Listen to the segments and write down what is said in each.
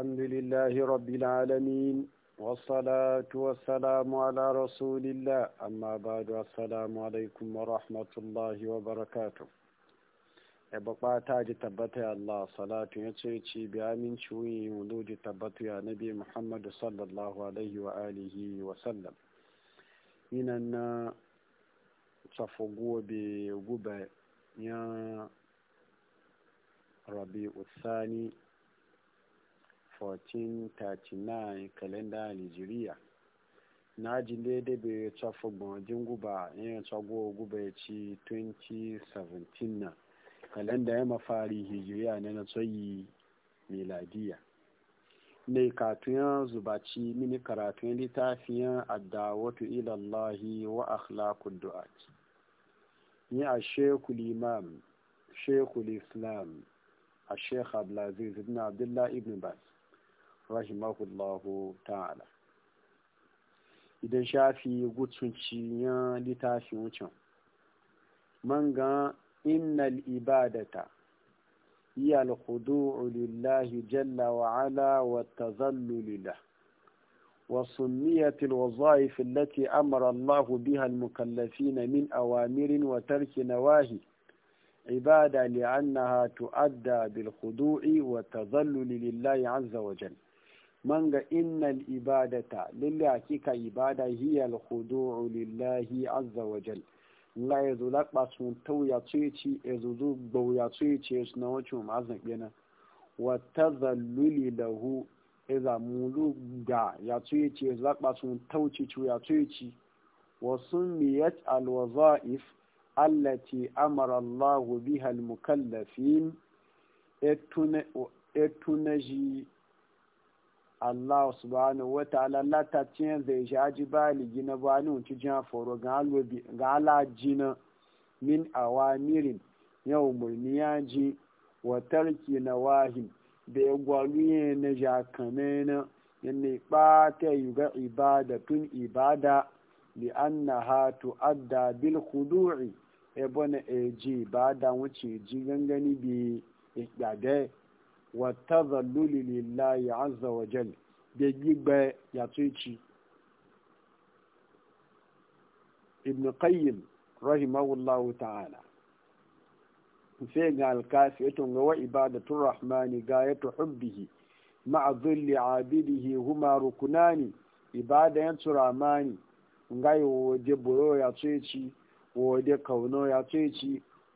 الحمد لله رب العالمين والصلاة والسلام على رسول الله أما بعد السلام عليكم ورحمة الله وبركاته ebakwa ta ji tabbata ya Allah salatu ya ce ci bi amin ciwon wuluji tabbata ya nabi gobe guba ya rabi 1439 kalenda nigeria na ji daidai bai tsafa gbajin guba yin eh, tsago guba ya ci 2017 na kalenda ya mafari hijiriya na na tsayi miladiya mai katuyan zubaci mini karatun littafiyan addawatu ilallahi wa akhlaqud du'at ni a shekul imam shekul islam a shekha abdulaziz ibn abdullahi ibn bas rahimahullahu ta'ala idan shafi ya littafin wucin man innal ibadata iya alkhudu'u lillahi jalla wa ala wa tazallulu lah وسميت الوظائف التي أمر الله بها المكلفين من أوامر وترك نواهي عبادة لأنها تؤدى بالخضوع والتذلل لله عز وجل man ga innal ibadata lille hakika ibada hiya al-khudu'u lillahi azza wa jal la yazu laqba sun tauya tsici yazu gbauya tsici suna wace ma zakena wa tazalluli lahu iza mulu ga ya tsici laqba sun tauci ci ya tsici wa summiyat al-wazaif allati amara Allah biha al-mukallafin etunaji Allah subhanahu wa ta'ala lata cin zai shaji bali gina ni wuce jan foro ga jina min awamirin yau murniya ji wa tarki na wahin da ya gwaluye na jakane na ta yi ga ibada tun ibada li na ha adda bil khudu'i ebona eji ibada wuce ji gangani bi e wàtàdà lólìlì láàyè azawajẹlì bí gbígbẹ yàtọ ìchí ibnu kayyim rahimahullahu ta'ala Sai ga alkafi eto ngawa ibadatu rahmani ga yato hubbihi ma a zulli abidihi huma rukunani ibada yan turamani ngayi wo je boro ya tsoyi wo je kauno ya tsoyi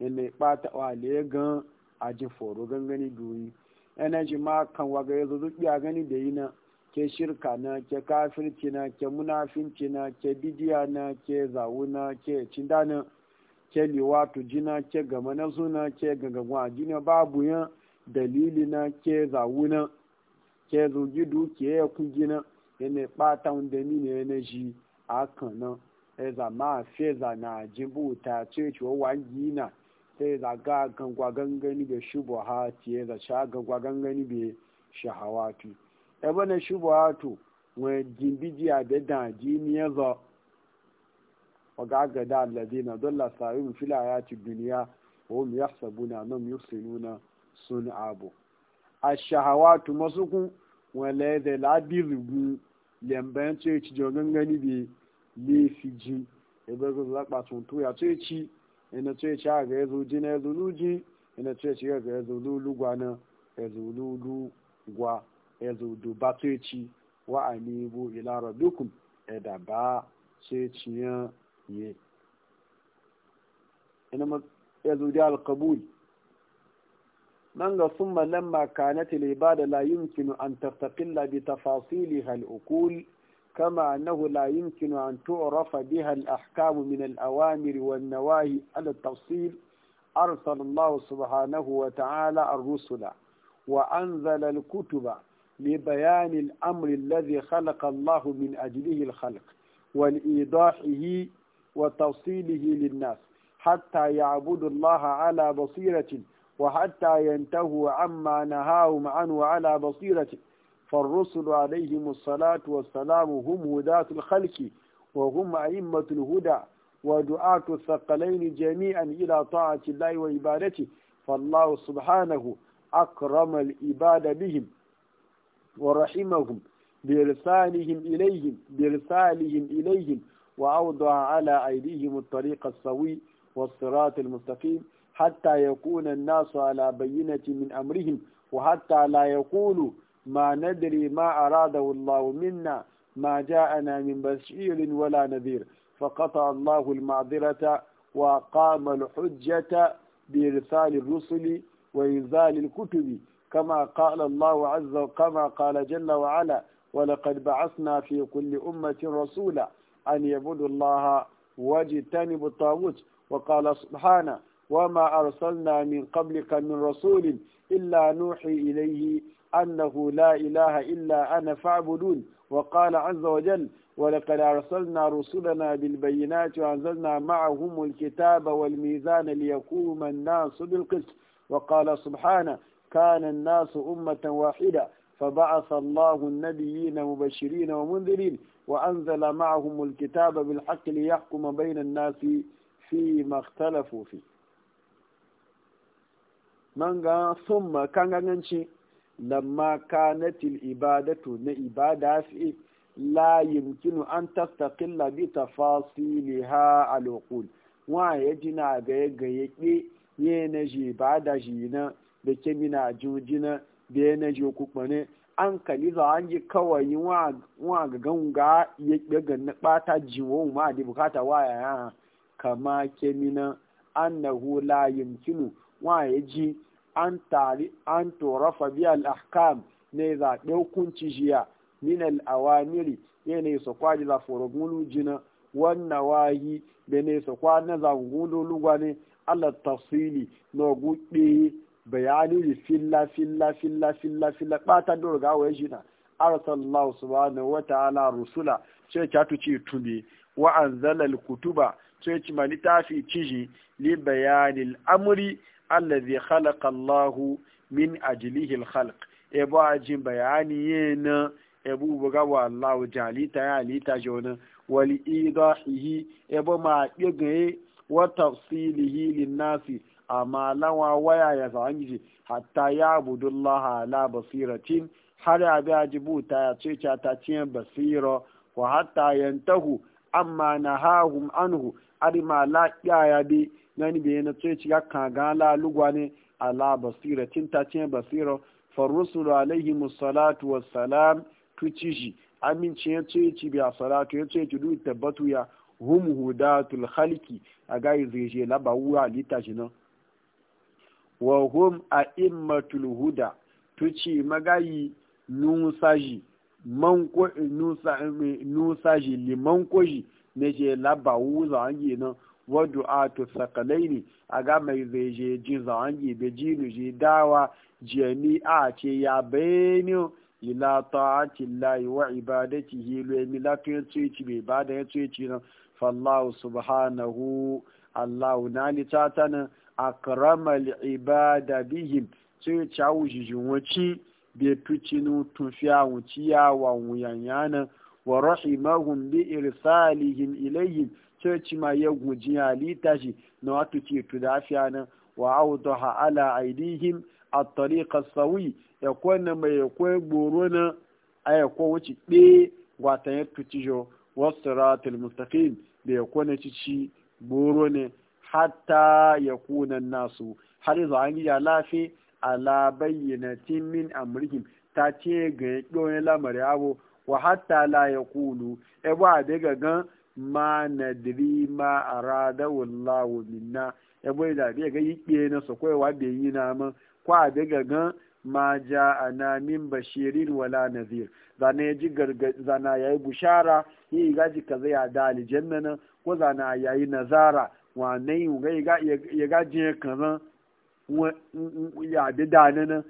yana ɓata wale gan a ji foro gangani duri yana ji ma kan waga ya zuzuɓi a gani da yi na ke shirka na ke kafirci na ke munafinci na ke bidiya na ke zawu na ke cinda na ke liwatu jina ke gama na suna ke gangagwa jina babu yan dalili na ke zawu na ke zugi dukiya ku na yana ɓata wanda ni ne na ji a kan eza ma feza na jibuta ce ciwo wa na. sai zaga gangwa gangani bai shubu ha ciye da sha gangwa gangani bai shahawatu ebe na shubu ha tu wani jimbiji a da ji ni ya zo ga gada allazi na dalla mu fila ya ci duniya wa mu yasabu na nan yusinuna sun abu a shahawatu masu kun wale da labi rubu yambayan ya ci jogan gani bai lefi ji ebe zo zaɓa tuntun ya ci ina ce ci ga ya zuji na ya zulu ji ina ce ci ga ya zulu lugwa na ya zulu lugwa ya zudu ba ce ci wa a ilara dukun ya da ba ce ci ya ye ina ma ya zuji alkabul nan ga sun malamma kanat al ibada layin kinu an tastaqilla labi tafasiliha al كما أنه لا يمكن أن تعرف بها الأحكام من الأوامر والنواهي على التفصيل أرسل الله سبحانه وتعالى الرسل وأنزل الكتب لبيان الأمر الذي خلق الله من أجله الخلق والإيضاحه وتوصيله للناس حتى يعبدوا الله على بصيرة وحتى ينتهوا عما نهاهم عنه على بصيرة فالرسل عليهم الصلاة والسلام هم هداة الخلق وهم أئمة الهدى ودعاة الثقلين جميعا إلى طاعة الله وعبادته فالله سبحانه أكرم العباد بهم ورحمهم برسالهم إليهم برسالهم إليهم وأوضع على أيديهم الطريق السوي والصراط المستقيم حتى يكون الناس على بينة من أمرهم وحتى لا يقولوا ما ندري ما أراده الله منا ما جاءنا من بشير ولا نذير فقطع الله المعذرة وقام الحجة بإرسال الرسل وإنزال الكتب كما قال الله عز وكما قال جل وعلا ولقد بعثنا في كل أمة رسولا أن يعبدوا الله واجتنبوا الطاغوت وقال سبحانه وما أرسلنا من قبلك من رسول إلا نوحي إليه أنه لا إله إلا أنا فاعبدون وقال عز وجل ولقد أرسلنا رسلنا بالبينات وأنزلنا معهم الكتاب والميزان ليقوم الناس بالقسط وقال سبحانه كان الناس أمة واحدة فبعث الله النبيين مبشرين ومنذرين وأنزل معهم الكتاب بالحق ليحكم بين الناس فيما اختلفوا فيه من ثم كان ganci lamma kanatil ibadatu na ibada fi la yumkinu an tastaqilla bi tafasiliha al-uqul wa yajina ga ga yake ye na ji ibada ji na da kemina jujina da ye na ji kukmane an kali za an ji kawai wa ga ganga yake ga na bata jiwo ma da bukata waya kama kemina annahu la yumkinu wa yaji an tari an torafa biya al'akam ne za hukunci jiya min al'awamiri ne su kwaji za furogulu jina wannan wahi da ne su na za gudu lugwane ala tafsili na gudu bayani filla filla filla filla filla bata ga wa jina arsalallahu subhanahu wa ta'ala rusula sai ta tuci tumi wa anzala al-kutuba sai ci tafi ciji li bayanil amri الذي خلق الله من أجله الخلق ابو اجين بيانين ابو بغوا الله جالي تعالى تجون ولإيضاحه ابو ما يغي وتفصيله للناس أما لو ويا يزعنجي حتى يعبد الله على بصيرة حال أبي أجبو تأتيك بصيرة وحتى ينتهوا أما نهاهم عنه أرما لا يا gani bai na tsoye ciga kan ga lugwa ne ala basira tin ta ce basira farrusulu alaihi musallatu wassalam tuci shi amince ya tsoye ci biya salatu ya tsoye ci duk tabbatu ya hum hudatul khalqi a gayi zai je ba wuwa lita shi nan wa hum a immatul huda tuci magayi nusaji man ko nusa nusaji limankoji koji ne je laba wuza an yi nan wadu a sakalai ne a ga mai zai ji zawangi be jinu ji dawa a ce ya bayani ila ta'ati llahi wa ibadatihi lo mi la to yace ci be ba da yace ci nan fallahu subhanahu allahu nali tatana akramal ibada bihim sai chawu jijin be tucinu tufiya wuciya wa wuyanyana wa rahimahum bi irsalihim ilayhim coci ma ya guji lita shi na wata ce tu da afiya nan wa auto ha'ala aidihim a tariƙa sauyi ya kwanne mai ya kwai goro na a ya kwa wuce ɗe gwata ya tuci jo wasu ratul mustafin da ya kwanne cici goro ne hatta ya kuna nasu har yanzu an yi ya lafi ala bayyanatin timin amurkin ta ce ga ya ɗoyin lamari abu wa hatta la ya kulu e ba daga gan ma nadri ma arada wallahu minna ya bai da bai ga yike na so kai wa bai yi na mun kwa da ga ma ja ana min bashirin wala nazir zana ya ji zana ya yi bushara yi ga ji kaza ya da aljanna ko zana ya yi nazara wa nai ga ya ga ji kaza ya bi dana nan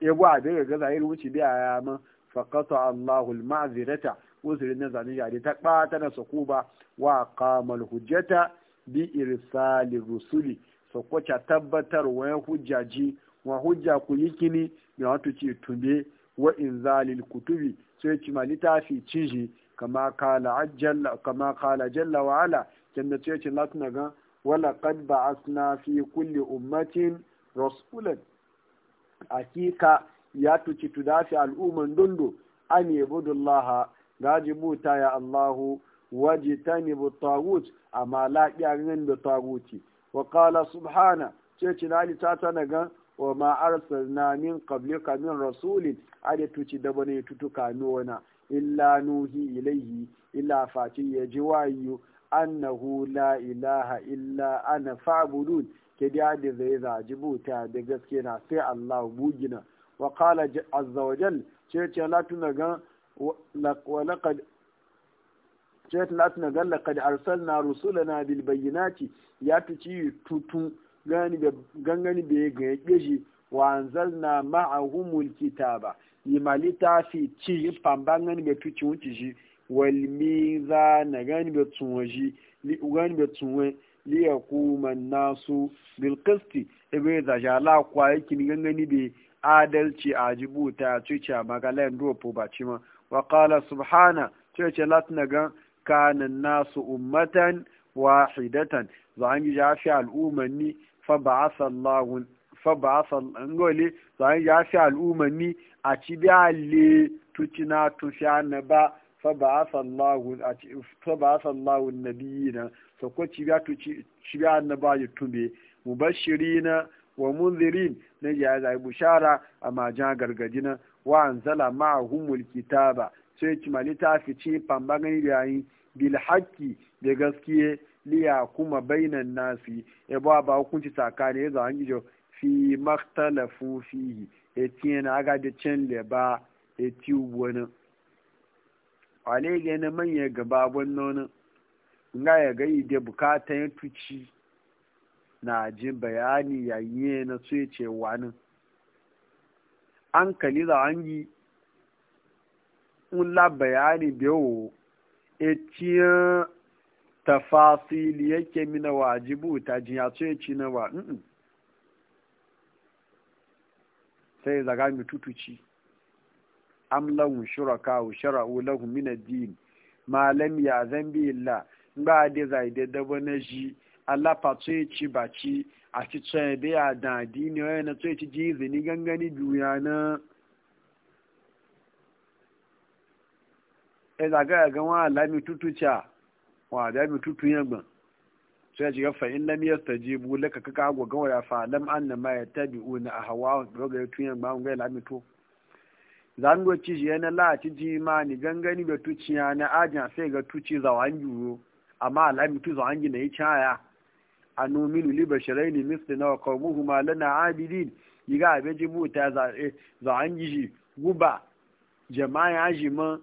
ya gwa da ga zahiri wuce da ya ma faqata allahul ma'zirata uzurin nan zane yare ta ɓata na sako wa kamal hujjata bi irsali rusuli sako ta tabbatar wa hujjaji wa hujja ku yi kini da wato ce tunde wa inzalil kutubi sai ci ma litafi cinji kama kala jalla kama kala jalla wa ala janna ce ci latna ga wala qad ba'athna fi kulli ummatin rasulan hakika ya tuci tudafi al'umman dundu an yabudullaha gaji buta ya Allahu waje ta ne bu tagut amma laƙiya da taguti wa kala subhana ce ci na ta tana gan wa ma arsalna min min rasulin da tuci da bane tutuka nona illa nuhi ilaihi illa fati ya ji wayu annahu la ilaha illa ana fa'budun ke da da zai zaji buta da gaske na sai Allah bugina wa qala azawajal ce ce tuna gan ولقد جاءت لاتنا قال لقد ارسلنا رسلنا بالبينات ياتي تتو غاني غاني gaye shi wa anzalna ma'ahumul kitaba imali ta fi ci pamba ngani bai tuci wuci shi wal mizana gani bai tunwa shi li gani bai tunwa li jala adalci a jibuta tuci a magalan ba ci ma wa subhana ce ce latina gan kana nasu ummatan wahidatan za an yi jafi al'umanni fa ba'asa Allahu a ci da le tucina tusha na ba fa ba'asa Allahu fa ba'asa Allahu nabiyina so ko ci ga tuci ci ga annaba ya tube mubashirina wa munzirin na ya zai bushara amma gargadi na. wa anzala ma'ahumul kitaba sai ci malita fi ci yayi bil haqqi da gaskiye liya kuma bainan nasi e ba ba hukunci tsakani ya zawan gijo fi maktalafu fihi e tiyana aga da cin le ba e ti wani ale ga na manya gaba wannan nga ya ga ide bukatan tuci na ji bayani yayi na sai ce wani an kali za an yi la bayani biyu e ta fasili yake mina wajibu ta jiya ce ci na wa sai zaga mai tutuci am shuraka wa shara'u lahum mina din ma ya zan bi illa ba da zai de dabo na ji Allah ce ci ba ci a ci tsaye biya da adini wani na tsaye ci ji izini gangani juya na e zaga ya ga wa lami tutuca wa da mi tutun yagban sai ya shiga fa'in lami ya staji bu laka kaka agwa gawa ya fa lam an na ma ya tabi una a hawa roga ya tun yagban ga lami to zan go ci yana la ci ji ma ni gangani da ya na ajiya sai ga tuci zawan juro amma lami tu zawan gi na yi caya anuminu li misli na kawo qaumuhuma lana abidin yiga abe jibu ta za za yi shi guba jama'a ya ji man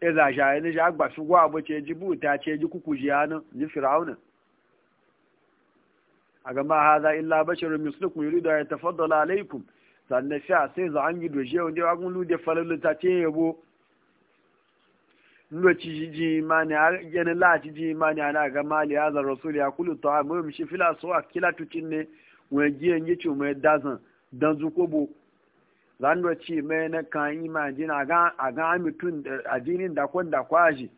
e za sha ya nisha agba su gwa abu ce ji ta ce ji kuku ji hannun ji fir'auna a gama haza illa basharun yuri da ya tafaddala alaikum sannan sha sai za an yi doje wanda ya wagun lude falalu ta ce yabo lokaci shi ji imani har yana lati ji imani a ga mali a zan rasuli a kulu ta amma mu shi fila so a kila tucin ne wani giyan ya ce mai dazan dan zukobo zan lokaci mai na kan ma na a ga amitun addinin da kwan da kwaji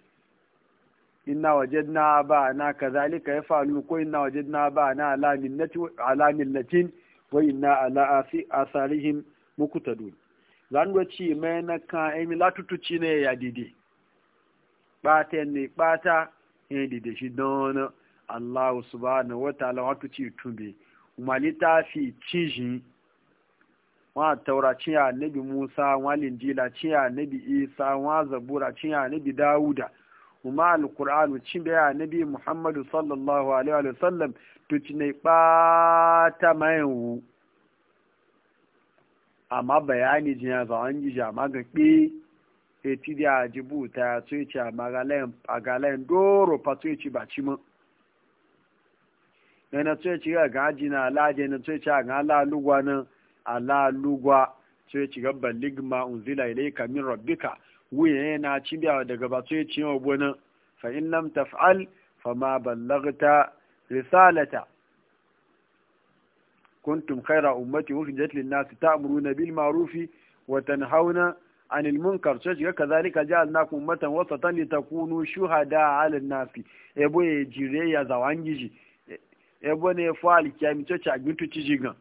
inna na ba na ka ya falu ko inna na ba na ala millatin wa inna ala asarihim mukutadun zan lokaci mai na kan latutu ci ne ya didi. ɓata ne ɓata yadda da shi don wani Allah subhanahu wa ta'ala wato ci tumbe kuma littafi cijin wa taura ci annabi Musa wa linjila ci annabi Isa wa zabura ci annabi Dawuda kuma cin ci be annabi Muhammadu sallallahu alaihi wa sallam to ci ne ɓata mayu amma bayani jiya za an ji jama ga ƙi eti da jibuta ya tsoci a agalen doro fa tsoci ba na mun yana ga gaji na laje na tsoci a ga alalugwa na alalugwa tsoci ga baligma unzila ka min rabbika wuya yana ci daga ba tsoci yau na fa in lam taf'al fa ma ballagta risalata kuntum khaira ummati ukhrijat lin nas ta'muruna bil ma'rufi wa tanhauna عن المنكر تشجع كذلك جعلناكم أمة وسطا لتكونوا شهداء على الناس يبو يجري يا زوانجي يبو نيفال كامي تشا بنتو تشيغا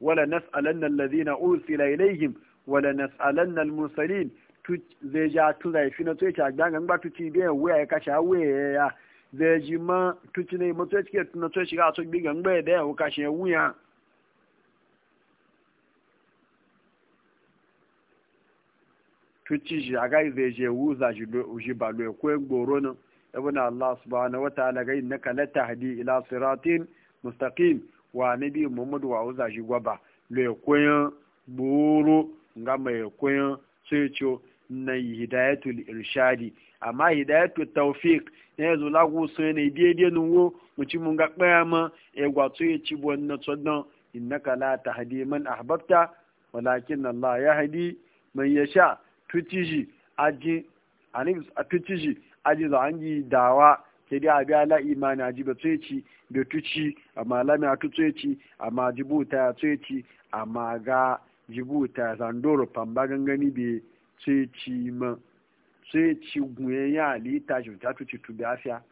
ولا نسالن الذين ارسل اليهم ولا نسالن المرسلين zai ja فينا fi na غان ta gangan ba وي اي كاشا وي يا wuya ya zai ji ma tuci ne mutuwa cike na tsoye shiga a tsoye tuci shi a gai zai je wuza shi ba lo ko goro nan ibn Allah subhanahu wa ta'ala gai na kala tahdi ila siratin mustaqim wa nabi Muhammad wa wuza shi gwaba lo ko goro nga mai ko ceco na hidayatul irshadi amma hidayatul tawfiq ne zo lagu so ne daidai nun wo ci mun ga kpaya ma e to ya ci na to don innaka la tahdi man ahbabta walakin Allah yahdi man yasha tuci aji anin a tuci aji za an yi dawa ke dai abi ala imani aji ba tsoyeci da tuci amma lami atu tsoyeci amma jibuta ya tsoyeci amma ga jibuta ya zandoro pamba gangani bai tsoyeci ma tsoyeci gunye ya alita shi ta tuci tu da afiya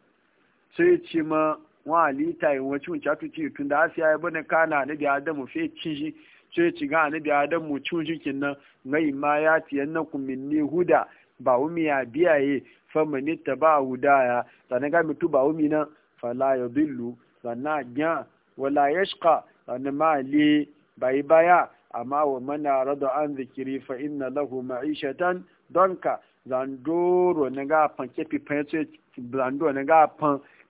tsoyeci ma wa alita yi wacin ta tuci tun da afiya ya bane kana na bi adamu fe ci shi ce ci ga anabi adam mu cikin nan ngai ma ya tiyan na ku minni huda ba umi ya biyaye fa mani ta ba ya sanan ga mutu ba wumi nan fala yadillu sanan gya wala yashqa sanan ma li bai baya amma wa mana rada an zikiri fa inna lahu ma'ishatan donka zandoro na ga pan kepi fan ce zandoro ne ga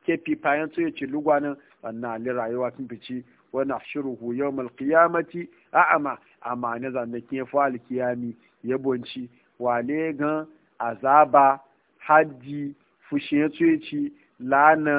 ke ce ci lugwanin sannan rayuwa tun fici wa nahshuruhu yawmal qiyamati a'ama amma na zanne ke fa alkiyami yabonci wale gan azaba hajji fushin lana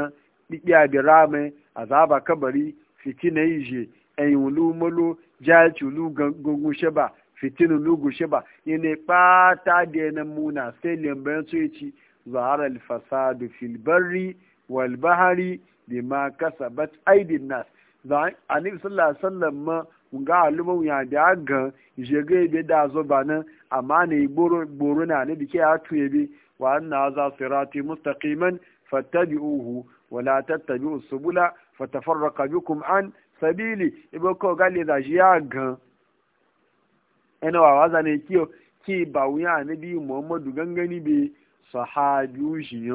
ɗiɗiya da rame azaba kabari fitina yije ẹ̀yìn olúmọ́lú jáàtì olúgungun ṣẹ́bà fitina olúgun ṣẹ́bà muna pátá dẹ́nà múna sẹ́lẹ̀ mbẹ́rẹ́ tsoyici zahara alfasadu filbari walbahari bima kasabat aidin nas anibi annabi sallallahu alaihi wasallam ma nga alumu ya da ga jege be da zo bana amma ne gboro gboro na ne dike ya tuye bi wa anna za sirati mustaqiman fattabi'uhu wa la tattabi'us subula fatafarraqa bikum an sabili ibo ko gale da ya ga ina wa waza ne kiyo ki ba wuya ne bi muhammadu gangani bi sahabiyu shi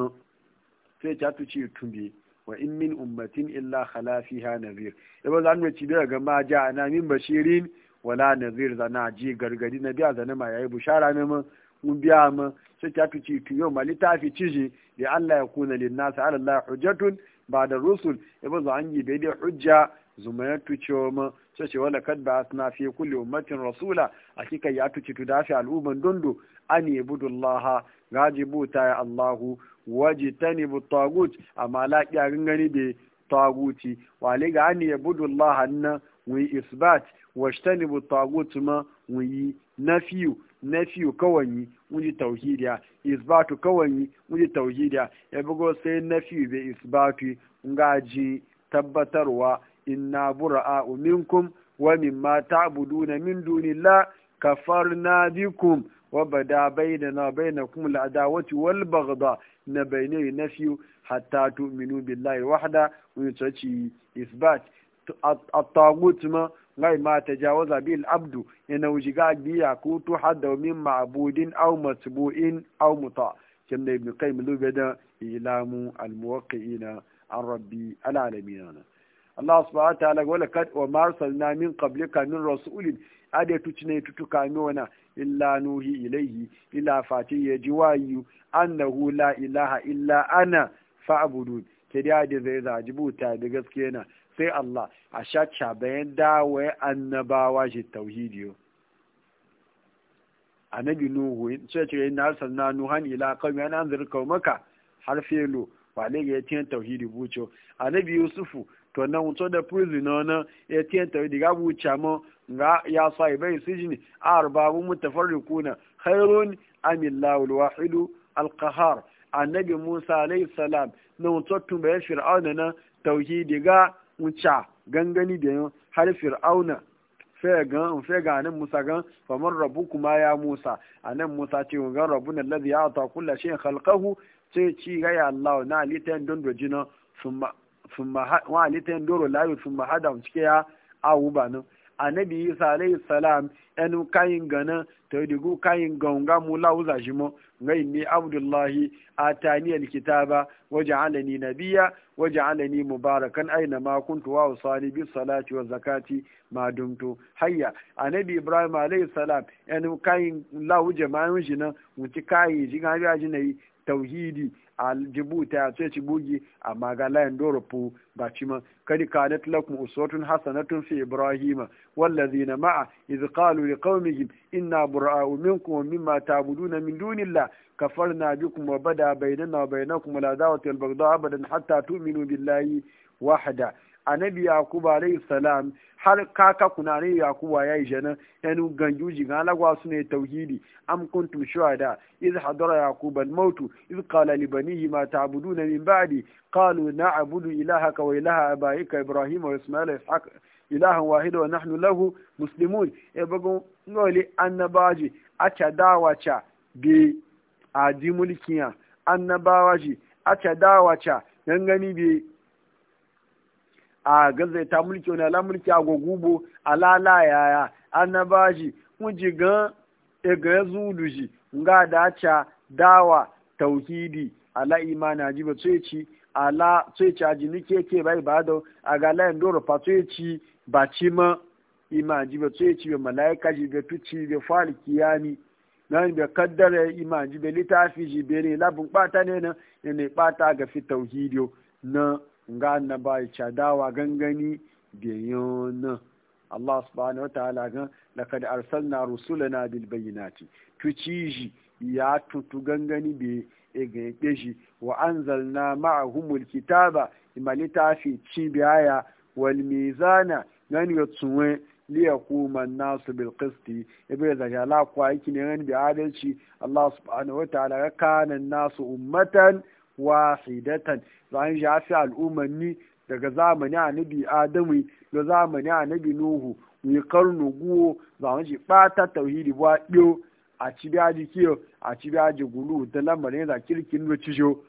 sai ta tuci tumbi wa in min ummatin illa khala fiha nazir yabo zan mu ci daga ma ja ana min bashirin wala nazir zana ji gargadi na biya zana ma yayi bushara ne mun mun biya mu sai ta tuci tu mali ta fi ciji da Allah ya kuna lin nas ala Allah hujjatun ba da rusul yabo zan yi daidai hujja zuma ya tuce mu sai ce wala kad ba asna fi kulli ummatin rasula akika ya tuci tu dafi al'umman dondo an budullaha gajibu ta ya Allahu waje ta ne bu tagut amma laƙiyarin gani bai taguti wale ga ani ya budu Allah na wuyi isbat wasu ta ne bu tagut ma wuyi nafiyu nafiyu kawanyi wuji tauhidiya isbatu kawanyi wuji tauhidiya ya bugo sai nafiyu bai isbatu ji tabbatarwa inna bura'a minkum wa mimma ta'buduna min dunillah kafarna bikum وبدا بيننا وبينكم العداوة والبغضاء نبيني نفي حتى تؤمنوا بالله وحده ويتشي إثبات الطاغوت ما غير ما تجاوز به العبد إنه وجيغا بيا كوتو حد من معبود أو متبوع أو مطاع كما ابن قيم لو بدا إعلام الموقعين عن ربي العالمين Allah subhanahu wa ta'ala wala kad wa marsalna min qablika min rasulin ade tucine tutuka mi wana illa nuhi ilaihi ila fati ya ji wayu annahu la ilaha illa ana fa'budu ke da da zai zaji buta da gaske na sai Allah a shacca bayan dawo annabawa shi tauhidiyo annabi nuhu sai ce na arsalna nuhan ila qaumi an anzir qaumaka har felo wale ga yatin tauhidi bucho annabi yusufu to nan da prison na yatin tauhidi ga bucha mo ga ya sahibai sijini arbabun mutafarriquna khairun am illahu alwahidu alqahar annabi Musa alayhi salam na mutottun bayan fir'auna na tauhidi ga wuce gangani da yin har fir'auna fega fe nan Musa gan famar rabu kuma ya Musa anan Musa ce gan rabu na yata ya shay'in kula shi ce ci ga ya Allah na litan don na summa wa doro layu summa hada cike ya awu ba annabi isa alayhi salam enu kayin gana to digu kayin gonga mu lauza shi mo ngai ni abdullahi atani alkitaba waj'alani nabiyya waj'alani mubarakan aina ma kuntu wa usali bis salati wa zakati ma dumtu hayya annabi ibrahim alayhi salam enu kayin lahu jama'un shi na mutikai ci biya jinai tauhidi aljibuta ya ce ci bugi amma ga layin dorofu ba ci ma kadi kanat tilakun uswatun hasanatun fi ibrahima na ma'a iz da liqaumihim inna bura'u minkum wa mimma ta'buduna min na na bi kuma bada bai na kuma la wata yalbar da abadan hatta minu billahi wahada. annabi yakubu alayhi salam har kaka kuna ne yakubu ya yi jana yanu ganju ga alagwa su ne tauhidi am kuntum shuhada iz hadara yakubu al-maut iz qala li banihi ma ta'buduna min ba'di qalu na'budu ilahaka wa ilaha abaika ibrahim wa isma'il wa ishaq ilahan wahid wa nahnu lahu muslimun e bago ngoli annabaji acha dawacha bi adi mulkiya annabawaji acha dawacha gangani bi a gazaita mulki wani ala mulki a gwagubo ala ala yaya annabaji wuji gan ega zudu shi nga dacha dawa tauhidi ala imani ajiba tsoyeci ala tsoyeci aji nike ke bai bado a ga layin doro fa tsoyeci ba ci ma ima ajiba tsoyeci be malaika ji be tuci bai fali kiyani nan bai kaddara ima ajiba littafi ji be ne labin bata ne na ne bata ga fi tauhidi na nga ba ya dawa gangani biyan Allah subhanahu wataala gan laqad arsalna rusulana bil bayyinati tuciji ya tutu gangani be e ga keji wa anzalna ma'ahumul kitaba imalita fi cibiya wal mizana gani ga tsuwe li yakuma nasu bil qisti ibe da la kwa yake ne bi adalci Allah subhanahu wataala kana nasu ummatan wahidatan zan ya fi al'ummanni daga zamani nabi adamu da zamani nabi nuhu mu karnu guwo zan shi bata tauhidi ba biyo a ci daji kiyo a ci daji gulu da lamarin da kirkin da cijo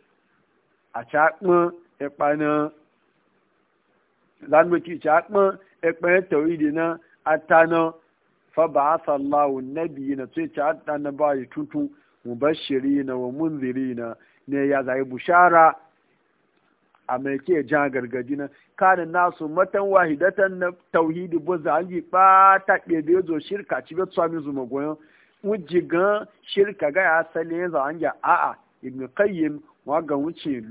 a cakma ekpana lanwaki cakma ekpana tauhidi na atana fa ba sallahu nabiyina sai ta annabawa tutu mubashirina wa munzirina ne ya zai bushara a mai ke jan gargadi na kanin nasu matan wahidatan na tauhidi bu zangi ba ta ɗebe zo shirka ci bai tsami zuma goyon gan shirka ga ya sani ya zangi a'a ibn qayyim wa ga wuce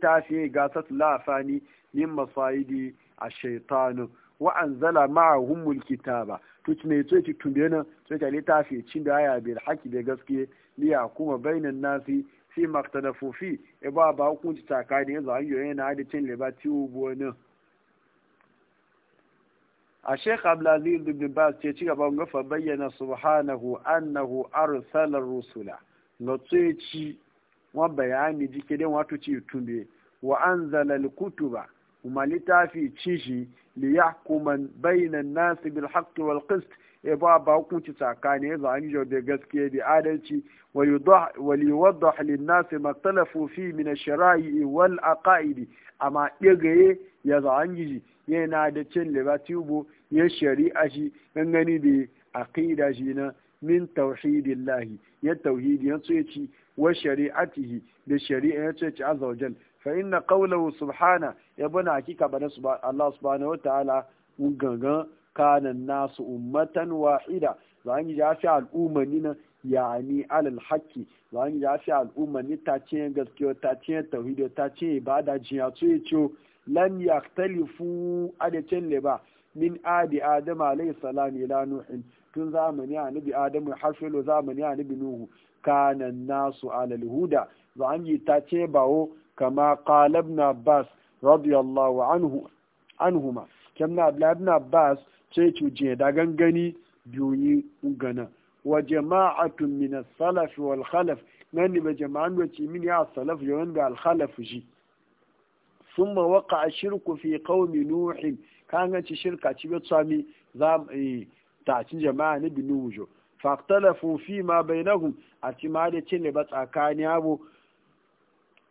ta fi gasat lafani min masaidi a shaitanu wa anzala ma'ahum ba to kine to ki tumbe na to ta fi cin da aya bil haqi da gaskiye liya kuma bainan nasi fi maktada fofi e ba ba hukunci takadin yanzu an yoyi na hadicin libati ubu wani a sheikh abdulaziz ibn baz ce ci gaba ga fa bayyana subhanahu annahu arsala rusula na tsoci wa bayani jike den wato ci tumbe wa anzala al-kutuba kuma littafi ci shi li nasi bil haqqi wal ya e ba ba hukunci tsakani ya e zan jo da da adalci wa yudah wa yuwaddah lin nasi ma talafu fi wal aqaid amma dagaye ya zan ji yana da cin libatibu ya shari'a shi gangani da aqida shi na min tauhidillahi ya tauhidi ya ce wa shari'atihi da shari'a ya ce ci fa inna qawluhu subhana yabuna hakika bana Allah subhanahu wa ta'ala gangan kana nasu ummatan wahida zan yi jafi al'umma ni na yani alal haqqi zan yi jafi al'umma ni ta ce gaskiya ta ce tauhido ta ce ibada jiya to yace lam yaktalifu adatan le ba min adi adam alayhi salam ila nuhin tun zamani annabi adam harfilo zamani annabi nuhu kana nasu alal huda zan yi ta ce bawo كما قال ابن عباس رضي الله عنه عنهما كما قال ابن عباس تيتو جيدا غنغني بيوني غنا وجماعة من السلف والخلف نني بجماعة من يا السلف يوان الخلف جي ثم وقع الشرك في قوم نوح كان شركة تبتصامي زام اي تاتين جماعة نبي نوجو فاختلفوا فيما بينهم أتما دي تنبت أكاني أبو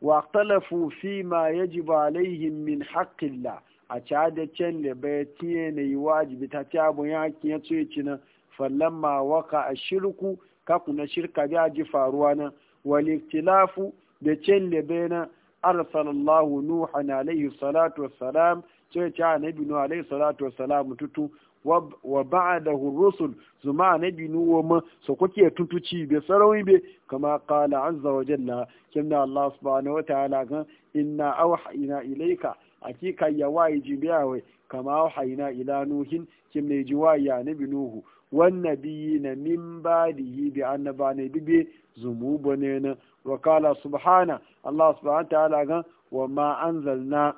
واختلفوا فيما يجب عليهم من حق الله a cada can da bai tiye na yi wajibi ta ta ci abun yakin ya tsoye ci na fallamma waka a shirku kaku na shirka ya ji faruwa na waliktilafu da can da bai na arsalallahu nuhan alaihi salatu wassalam tsoye ci a nabi nuhan alaihi salatu wassalam tutu wa ba'adahu rusul zuma nabi nuwa ma so kuke tutuci be sarawi be kama qala azza wa jalla kinna allah subhanahu wa ta'ala kan inna awhayna ilayka hakika ya wayi jibiyawe kama awhayna ila nuhin kinna jiwaya nabi nuhu wan nabiyina min ba'dihi bi annaba nabi bibe zumubo ne na wa qala subhana allah subhanahu wa ta'ala ga. wa ma anzalna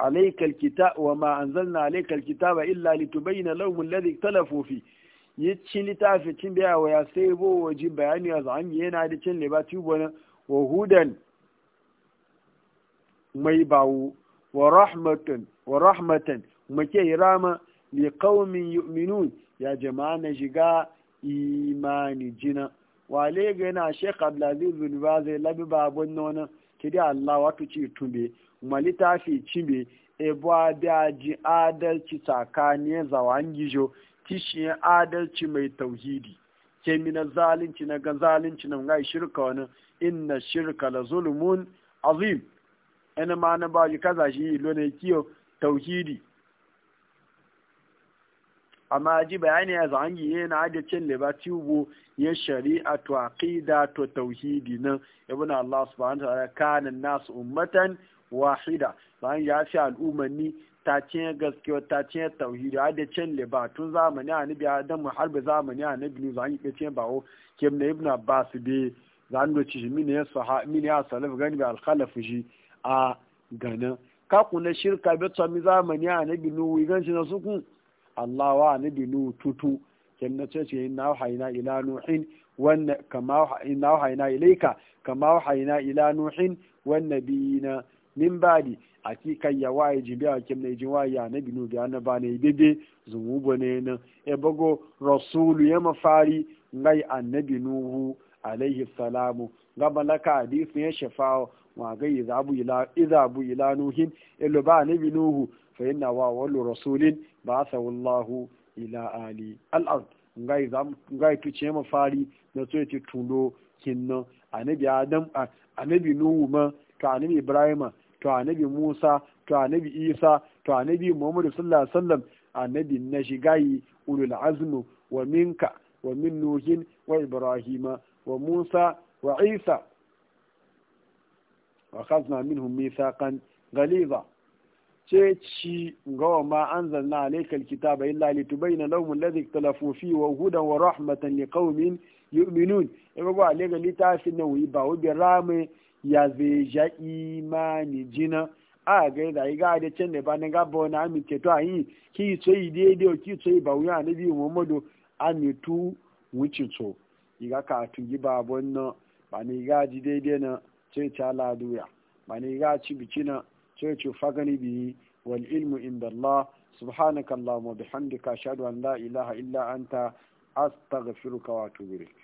عليك الكتاب وما أنزلنا عليك الكتاب إلا لتبين لهم الذي اختلفوا فيه يتشي لتافي تشين بها ويسيبوا ويجيب بياني أزعم ينا دي لتشين لباتيبونا وهودا ميباو ورحمة ورحمة مكي راما لقوم يؤمنون يا جماعة نجيقا إيمان جنا وعليقنا شيخ عبد العزيز بن باز لبي بابون نونا كده الله واتو تشي تنبيه malitafi cibe ebo adaji adalci tsakanin zawan gijo tishiyar adalci mai tauhidi ke mina zalunci na ga zalunci na ngai shirka wani inna shirka la zulmun azim ina ma na ba ji kaza shi lo ne kiyo tauhidi amma ji bayani a zangi yana ajiye cin libati ubu ya shari'a to aqida to tauhidi na ibn Allah subhanahu wa ta'ala kana nas ummatan wahida bayan ya fi al'ummanni ta cin gaskiya ta cin tauhidi da can liba tun zamani a nabi adam mu ba zamani a nabi ne zan yi ce bawo kem na ibn abbas be zan do ci mini ya saha mini ya salaf gani bi al khalaf shi a ganin ka kuna shirka bi mi zamani a nabi nu gan shi na suku allah wa nabi nu tutu kem na ce ce na hayna ila nuhin wannan kama hayna ilaika kama hayna ila nuhin bi na. min ti kan ya waye jibi a kim na jin waye na binu biya na ba ne bebe zumubo ne na e bago rasulu ya mafari ngai annabi nuhu alaihi salamu ga malaka hadisin ya shafa wa ga izabu ila izabu ila nuhin ilo e ba annabi nuhu fa inna wa wallu rasulin ba sawallahu ila ali al-ard ngai zam ngai tuce mafari na so ti tulo kinno annabi adam annabi nuhu ma ka annabi ibrahima to annabi musa to annabi isa to annabi muhammadu sallallahu alaihi wasallam annabi na shigayi ulul azmi wa minka wa min nuhin wa wa musa wa isa wa khazna minhum mithaqan ghaliza ce ci gawa ma an zanna alaikal kitaba illa litubayyana lahum alladhi ikhtalafu fihi wa hudan wa rahmatan liqaumin yu'minun ibago alaikal na nawi ba wa bi ya zai ja imani jina a ga da yi ga da can ba na gaba na amin ke ayi ki so yi daidai ki so yi ba wuya na biyu muhammadu amitu wuce so iga ka gi ba ba ni ga ji daidai na sai ta duya ba ni ga ci bici na sai ci fagani bi wal ilmu inda Allah subhanakallahumma bihamdika ashhadu an la ilaha illa anta astaghfiruka wa atubu ilayk